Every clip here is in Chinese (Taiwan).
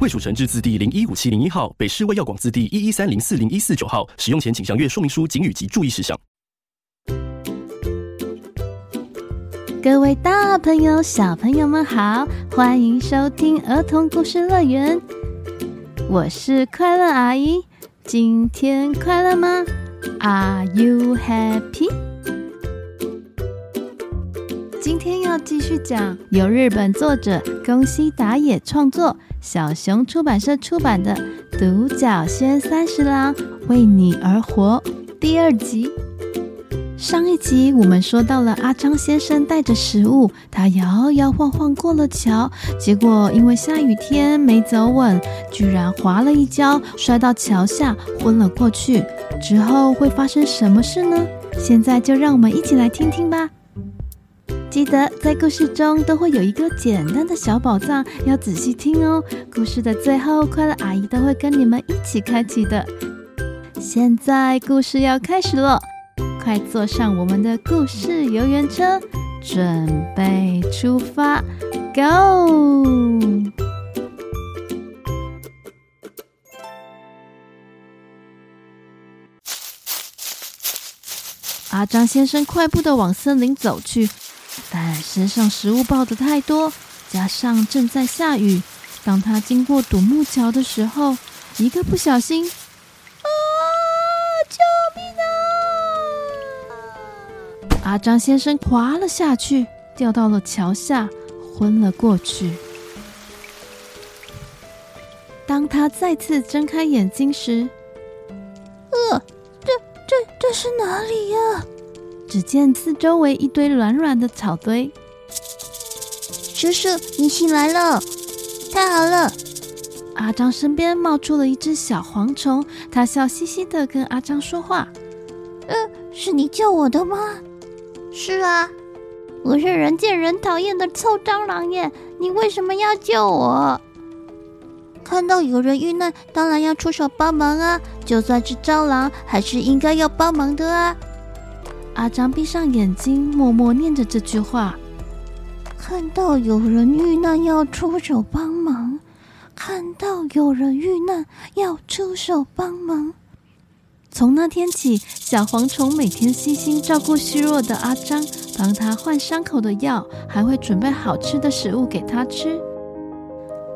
衛署成製字第零一五七零一號，北市衛藥廣字第一一三零四零一四九號。使用前請詳閱說明書、警語及注意事項。各位大朋友、小朋友們好，歡迎收聽兒童故事樂園。我是快樂阿姨，今天快樂嗎？Are you happy？今天要繼續講由日本作者宮西達也創作、小熊出版社出版的《獨角仙三十郎為你而活》第二集。上一集我們說到了阿蟑先生帶着食物，他搖搖晃晃過了橋，結果因為下雨天沒走穩，居然滑了一跤，摔到橋下昏了過去。之後會發生什麼事呢？現在就讓我們一起來聽聽吧。記得在故事中都會有一個簡單的小寶藏，要仔細聽哦。故事的最後，快樂阿姨都會跟你們一起開啟的。現在故事要開始了，快坐上我們的故事遊園車，準備出發，Go！阿蟑先生快步的往森林走去，但身上食物抱得太多，加上正在下雨。當他經過獨木橋的時候，一個不小心，啊！救命啊！阿蟑先生滑了下去，掉到了橋下，昏了過去。當他再次睜開眼睛時，呃，這這這是哪裡呀？只見四周圍一堆軟軟的草堆。叔叔，你醒來了，太好了！阿蟑身邊冒出了一隻小蝗蟲，它笑嘻嘻地跟阿蟑說話：“嗯、呃，是你救我的嗎？是啊，我是人見人討厭的臭蟑螂耶，你為什麼要救我？看到有人遇難，當然要出手幫忙啊，就算是蟑螂，還是應該要幫忙的啊。”阿蟑閉上眼睛，默默念着這句話：“看到有人遇難，要出手幫忙；看到有人遇難，要出手幫忙。”從那天起，小蝗蟲每天悉心照顧虛弱的阿蟑，幫他換傷口的藥，還會準備好吃的食物給他吃。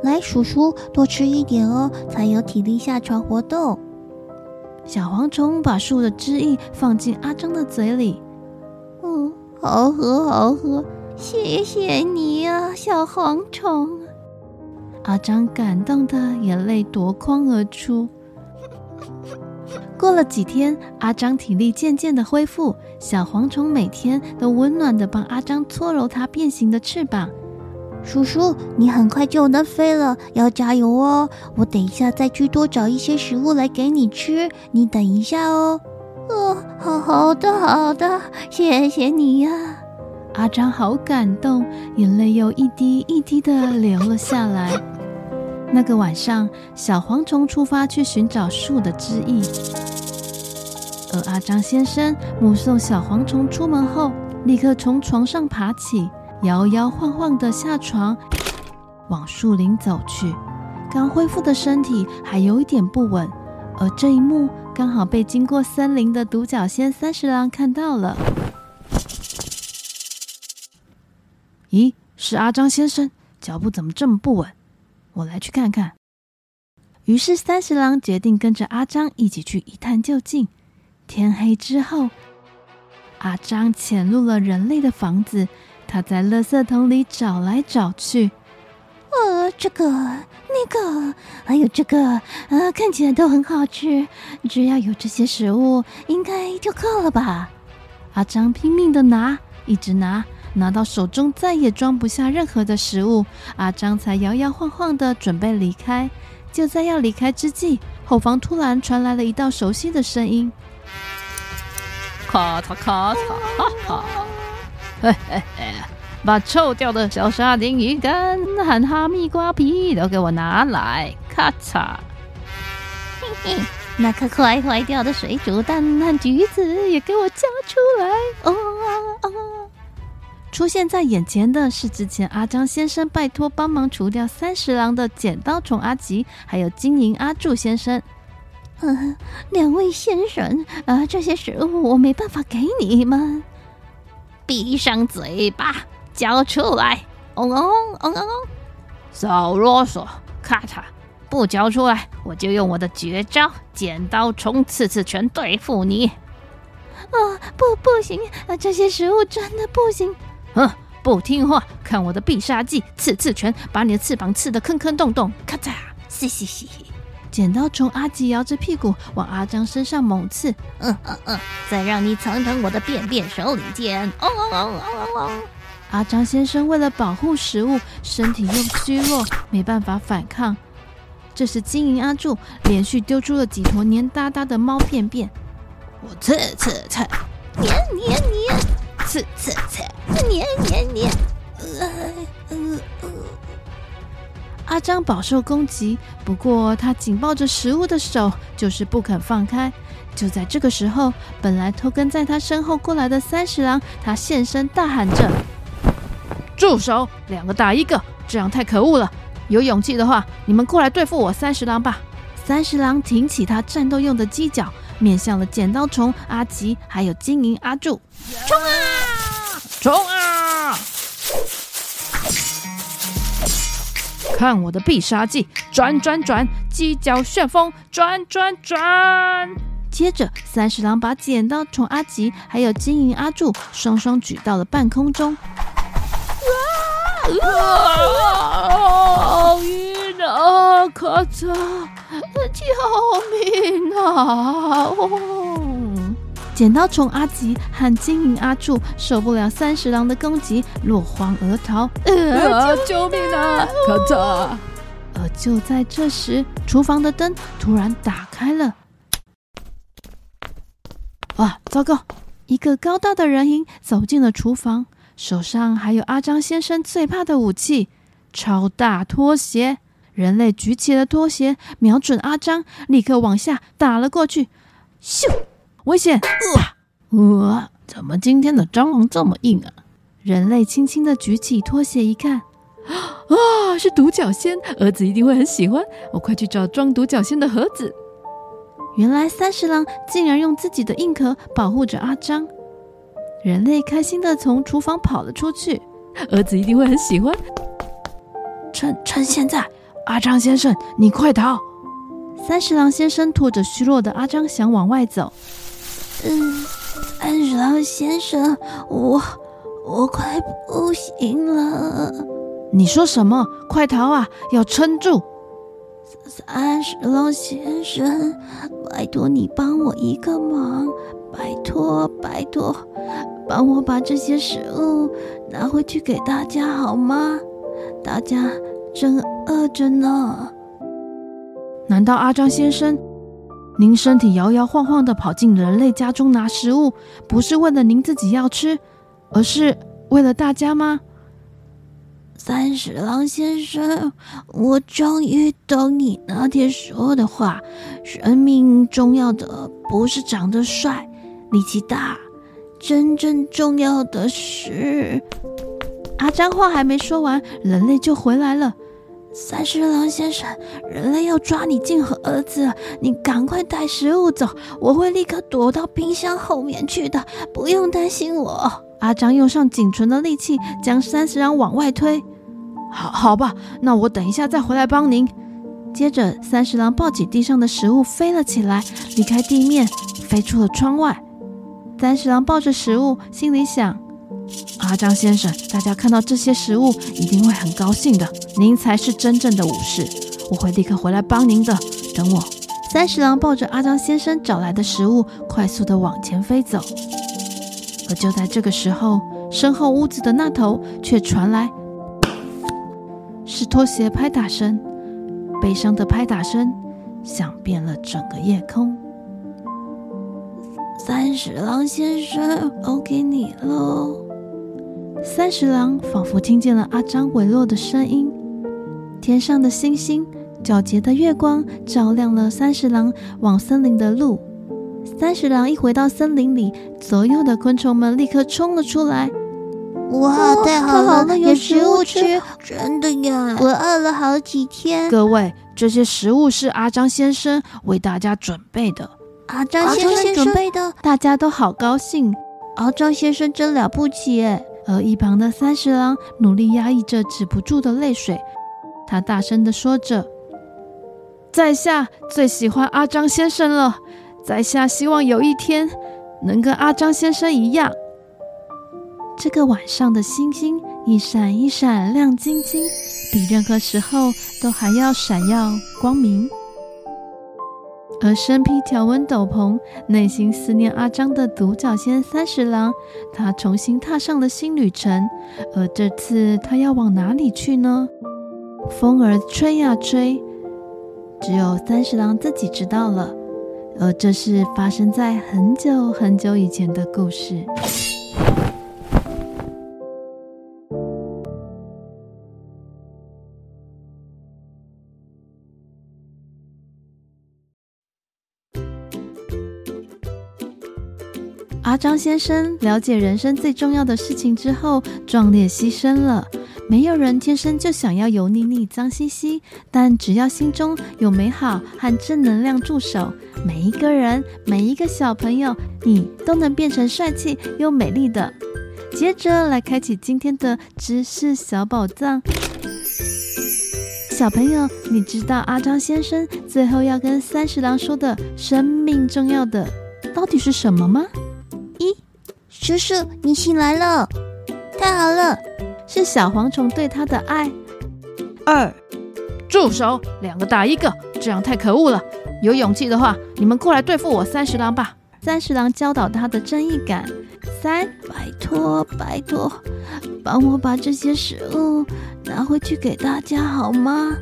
來，叔叔，多吃一點哦，才有體力下床活動。小蝗蟲把樹的汁液放進阿張的嘴裡，嗯，好喝好喝，謝謝你啊，小蝗蟲。阿張感動得眼淚奪眶而出。 過了幾天，阿張體力漸漸的恢復，小蝗蟲每天都溫暖的幫阿張搓揉他變形的翅膀。叔叔，你很快就能飛了，要加油哦！我等一下再去多找一些食物來給你吃，你等一下哦。哦，好好的，好的，謝謝你呀、啊，阿蟑，好感動，眼淚又一滴一滴的流了下來。 那個晚上，小蝗蟲出發去尋找樹的汁液，而阿蟑先生目送小蝗蟲出門後，立刻從床上爬起，.搖搖晃晃的下床，往樹林走去。剛恢復的身體還有一點不穩，而這一幕剛好被經過森林的獨角仙三十郎看到了。咦？是阿張先生，腳步怎麼這麼不穩？我來去看看。於是三十郎決定跟着阿張一起去一探究竟。天黑之後，阿張潛入了人類的房子。他在垃圾桶裡找來找去，呃，這個、那個，還有這個，啊、呃，看起來都很好吃。只要有這些食物，應該就夠了吧？阿蟑拼命的拿，一直拿，拿到手中再也裝不下任何的食物，阿蟑才搖搖晃晃的準備離開。就在要離開之際，後方突然傳來了一道熟悉的聲音：“咔嚓咔嚓，哈哈。”嘿嘿嘿，把臭掉的小沙丁魚乾和哈密瓜皮都給我拿來！咔嚓！嘿嘿，那顆快壞掉的水煮蛋和橘子也給我交出來！哦哦，出現在眼前的是之前阿蟑先生拜託幫忙除掉三十郎的剪刀蟲阿吉，還有經營阿柱先生。呵、呃、呵，兩位先生，啊、呃，這些食物我沒辦法給你們。閉上嘴巴，交出來！嗡嗡嗡嗡嗡，少囉嗦！咔嚓，不交出來，我就用我的絕招——剪刀蟲刺刺拳對付你！啊、哦，不，不行！啊，這些食物真的不行！哼，不聽話，看我的必殺技——刺刺拳，把你的翅膀刺得坑坑洞洞！咔嚓！嘻嘻嘻。剪刀蟲阿吉搖着屁股往阿張身上猛刺，嗯嗯嗯，再讓你嘗嘗我的便便手裡劍！哦哦哦哦哦哦！阿張先生為了保護食物，身體又虛弱，沒辦法反抗。這時，金銀阿柱連續丟出了幾坨黏噠噠的貓便便，我刺刺刺，黏黏黏，刺刺刺，黏黏黏，哎，嗯嗯。阿蟑飽受攻擊，不過他緊抱着食物的手就是不肯放開。就在這個時候，本來偷跟在他身後過來的三十郎，他現身大喊着：“住手！兩個打一個，這樣太可惡了！有勇氣的話，你們過來對付我三十郎吧！”三十郎挺起他戰鬥用的犄角，面向了剪刀蟲阿吉還有精靈阿柱，衝啊！衝啊！看我的必殺技，轉轉轉，犄角旋風，轉轉轉。接着，三十郎把剪刀從阿吉還有金銀阿柱雙雙舉到了半空中。啊啊啊！好暈啊，咔嚓，救命啊！啊剪刀蟲阿吉和金銀阿柱受不了三十郎的攻擊，落荒而逃。呃、救命啊！可惡！而就在這時，廚房的燈突然打開了。哇、啊，糟糕！一個高大的人影走進了廚房，手上還有阿張先生最怕的武器——超大拖鞋。人類舉起了拖鞋，瞄準阿張，立刻往下打了過去。咻！危險！哇、呃呃，怎麼今天的蟑螂這麼硬啊？人類輕輕地舉起拖鞋一看，啊，是獨角仙，兒子一定會很喜歡。我快去找裝獨角仙的盒子。原來三十郎竟然用自己的硬殼保護着阿蟑。人類開心地從廚房跑了出去，兒子一定會很喜歡。趁趁現在，阿蟑先生，你快逃！三十郎先生拖着虛弱的阿蟑想往外走。嗯，三十郎先生，我我快不行了。你說什麼？快逃啊！要撐住。三，三十郎先生，拜託你幫我一個忙，拜託拜託，幫我把這些食物拿回去給大家好嗎？大家正餓着呢。難道阿蟑先生？您身體搖搖晃晃地跑進人類家中拿食物，不是為了您自己要吃，而是為了大家嗎？三十郎先生，我終於懂你那天說的話，生命重要的不是長得帥、力氣大，真正重要的是……阿蟑話還沒說完，人類就回來了。三十郎先生，人類要抓你進盒子，你趕快帶食物走。我會立刻躲到冰箱後面去的，不用擔心我。阿蟑用上僅存的力氣將三十郎往外推。好，好吧，那我等一下再回來幫您。接着，三十郎抱起地上的食物飛了起來，離開地面，飛出了窗外。三十郎抱着食物，心裡想。阿蟑先生，大家看到這些食物一定會很高興的。您才是真正的武士，我會立刻回來幫您的。等我。三十郎抱着阿蟑先生找來的食物，快速的往前飛走。可就在這個時候，身後屋子的那頭卻傳來，是拖鞋拍打聲，悲傷的拍打聲響遍了整個夜空。三十郎先生，我給你嘍。三十郎仿佛聽見了阿張隕落的聲音。天上的星星，皎潔的月光，照亮了三十郎往森林的路。三十郎一回到森林裡，左右的昆蟲們立刻衝了出來。哇！太好了，、哦、好了，有食物、食物吃！真的呀，我餓了好幾天。各位，這些食物是阿張先生為大家準備的。阿張先生準備的，備的大家都好高興。阿張先生真了不起，而一旁的三十郎努力壓抑着止不住的淚水，他大聲地說着：“在下最喜歡阿蟑先生了，在下希望有一天能跟阿蟑先生一樣。”這個晚上的星星一閃一閃亮晶晶，比任何時候都還要閃耀光明。而身披條紋斗篷、內心思念阿張的獨角仙三十郎，他重新踏上了新旅程。而這次他要往哪裡去呢？風兒吹呀吹，只有三十郎自己知道了。而這是發生在很久很久以前的故事。阿蟑先生了解人生最重要的事情之後，壯烈犧牲了。沒有人天生就想要油膩膩、髒兮兮，但只要心中有美好和正能量助手，每一個人、每一個小朋友，你都能變成帥氣又美麗的。接着來開啟今天的知識小寶藏。小朋友，你知道阿蟑先生最後要跟三十郎說的生命重要的到底是什麼嗎？叔叔，你醒來了，太好了！是小蝗蟲對他的愛。二，住手！兩個打一個，這樣太可惡了。有勇氣的話，你們過來對付我三十郎吧。三十郎教導他的正義感。三，拜托，拜托，幫我把這些食物拿回去給大家好嗎？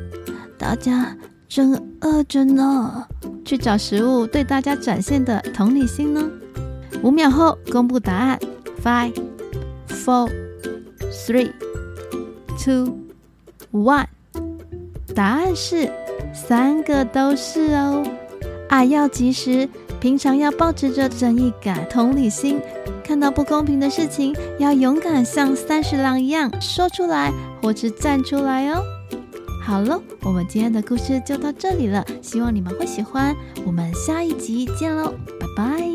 大家正餓着呢，去找食物對大家展現的同理心呢。五秒後公布答案。Five, four, three, two, one。答案是三個都是哦。愛要及時，平常要保持着正義感、同理心，看到不公平的事情要勇敢，像三十郎一樣說出來或是站出來哦。好嘍，我們今天的故事就到這裡了，希望你們會喜歡。我們下一集見嘍，拜拜。